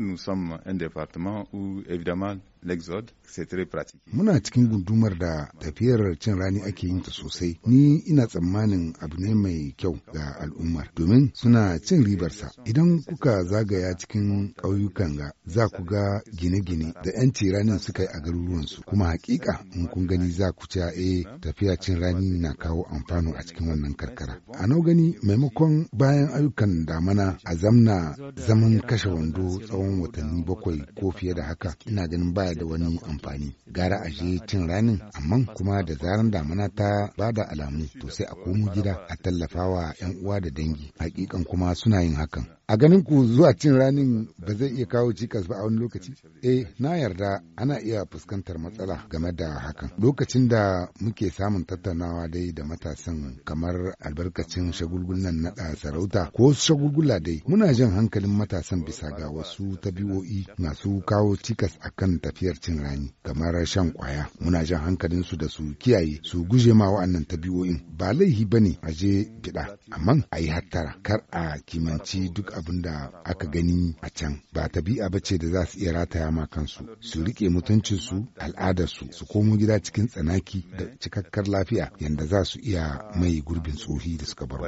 nous sommes un département où, évidemment, Muna cikin gundumar da tafiyar cin rani ake yin ta sosai. Ni ina tsammanin abu ne mai kyau ga al'ummar domin suna cin ribarsa. Idan kuka zagaya cikin ƙauyukan ga za ku ga gine-gine da 'yan ranin suka yi a garuruwansu. Kuma hakika in kun gani za ku ci e eh, tafiya cin rani na kawo amfano a cikin wannan karkara. A nau gani maimakon bayan ayyukan damana a zamna zaman kashe wando tsawon watanni bakwai ko fiye da haka ina ganin baya ba da wani amfani gara a je cin ranin amma kuma da zaran damana ta ba da alamu to sai a komo gida a tallafawa 'yan uwa da dangi hakikan kuma suna yin hakan a ganin ku zuwa cin ranin ba zai iya kawo cikas ba a wani lokaci eh na yarda ana iya fuskantar matsala game da hakan lokacin da muke samun tattaunawa dai da matasan kamar albarkacin shagulgulan naɗa sarauta ko shagulgula dai muna jan hankalin matasan bisa ga wasu tabi'o'i masu kawo cikas akan tafiyar cin rani kamar shan kwaya muna jan hankalin su da su kiyaye su guje ma wa'annan tabi'o'in ba laihi bane a je fiɗa amma a yi hattara kar a kimanci duk abin da aka gani a can ba tabi'a ba ce da za su iya rataya ma kansu su rike mutuncinsu al'adarsu su komo gida cikin tsanaki da cikakkar lafiya yadda za su iya mai gurbin tsohi da suka baro.